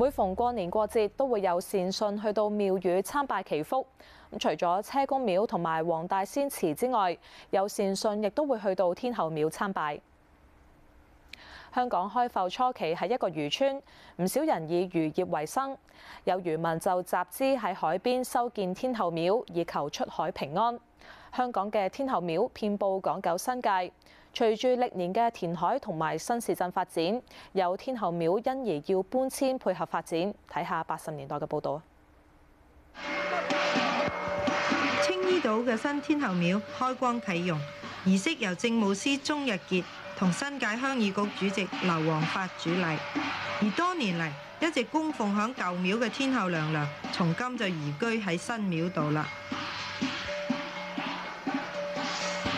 每逢過年過節，都會有善信去到廟宇參拜祈福。咁除咗車公廟同埋黃大仙祠之外，有善信亦都會去到天后廟參拜。香港開埠初期係一個漁村，唔少人以漁業為生，有漁民就集資喺海邊修建天后廟，以求出海平安。香港嘅天后廟遍佈港九新界。隨住歷年嘅填海同埋新市鎮發展，有天后廟因而要搬遷配合發展。睇下八十年代嘅報導啊！青衣島嘅新天后廟開光啟用儀式由政務司鍾逸傑同新界鄉議局主席劉皇發主禮。而多年嚟一直供奉響舊廟嘅天后娘娘，從今就移居喺新廟度啦。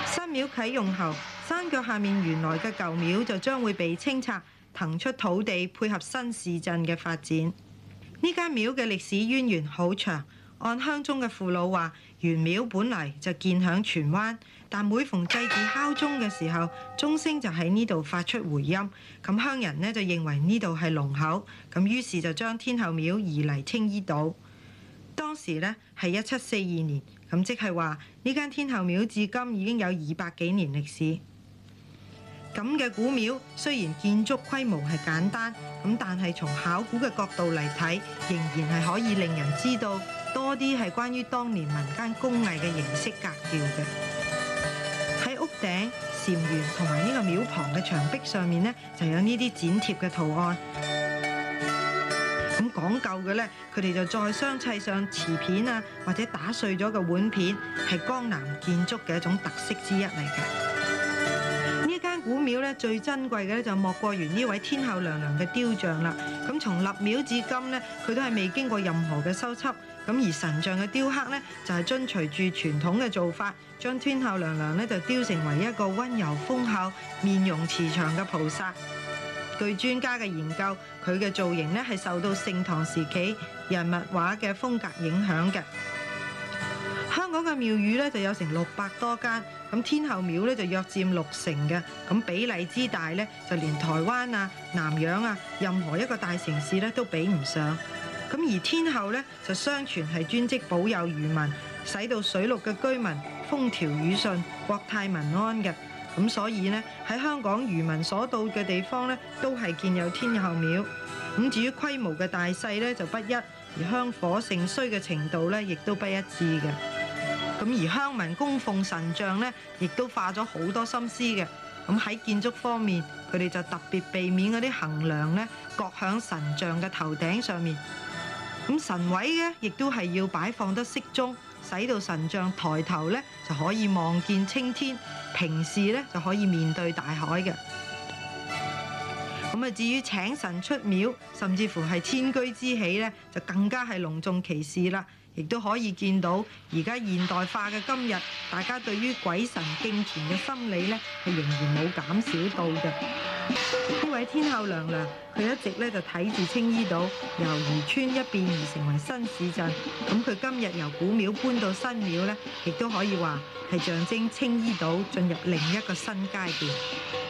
新廟啟用後，山腳下面原來嘅舊廟就將會被清拆，騰出土地配合新市鎮嘅發展。呢間廟嘅歷史淵源好長，按鄉中嘅父老話，原廟本嚟就建響荃灣，但每逢祭祀敲鐘嘅時候，鐘聲就喺呢度發出回音。咁鄉人呢就認為呢度係龍口，咁於是就將天后廟移嚟青衣島。當時呢係一七四二年，咁即係話呢間天后廟至今已經有二百幾年歷史。咁嘅古廟雖然建築規模係簡單，咁但係從考古嘅角度嚟睇，仍然係可以令人知道多啲係關於當年民間工藝嘅形式格調嘅。喺屋頂、檐緣同埋呢個廟旁嘅牆壁上面呢，就有呢啲剪貼嘅圖案。咁講究嘅呢，佢哋就再相砌上瓷片啊，或者打碎咗嘅碗片，係江南建築嘅一種特色之一嚟嘅。古廟咧最珍貴嘅咧就莫過於呢位天后娘娘嘅雕像啦。咁從立廟至今呢，佢都係未經過任何嘅修葺。咁而神像嘅雕刻呢，就係遵循住傳統嘅做法，將天后娘娘呢就雕成為一個溫柔豐厚、面容慈祥嘅菩薩。據專家嘅研究，佢嘅造型呢係受到盛唐時期人物畫嘅風格影響嘅。香港嘅廟宇咧就有成六百多間，咁天后廟咧就約佔六成嘅，咁比例之大咧，就連台灣啊、南洋啊，任何一個大城市咧都比唔上。咁而天后咧就相傳係專職保佑漁民，使到水陸嘅居民風調雨順、國泰民安嘅。咁所以呢，喺香港漁民所到嘅地方咧，都係建有天后廟。咁至於規模嘅大細咧就不一，而香火盛衰嘅程度咧亦都不一致嘅。咁而鄉民供奉神像咧，亦都花咗好多心思嘅。咁喺建築方面，佢哋就特別避免嗰啲橫梁咧，擱響神像嘅頭頂上面。咁神位咧，亦都係要擺放得適中，使到神像抬頭咧就可以望見青天，平時咧就可以面對大海嘅。咁啊，至於請神出廟，甚至乎係遷居之喜咧，就更加係隆重其事啦。亦都可以見到，而家現代化嘅今日，大家對於鬼神敬虔嘅心理咧，係仍然冇減少到嘅。呢位天后娘娘，佢一直咧就睇住青衣島由漁村一變而成為新市鎮。咁、嗯、佢今日由古廟搬到新廟咧，亦都可以話係象徵青衣島進入另一個新階段。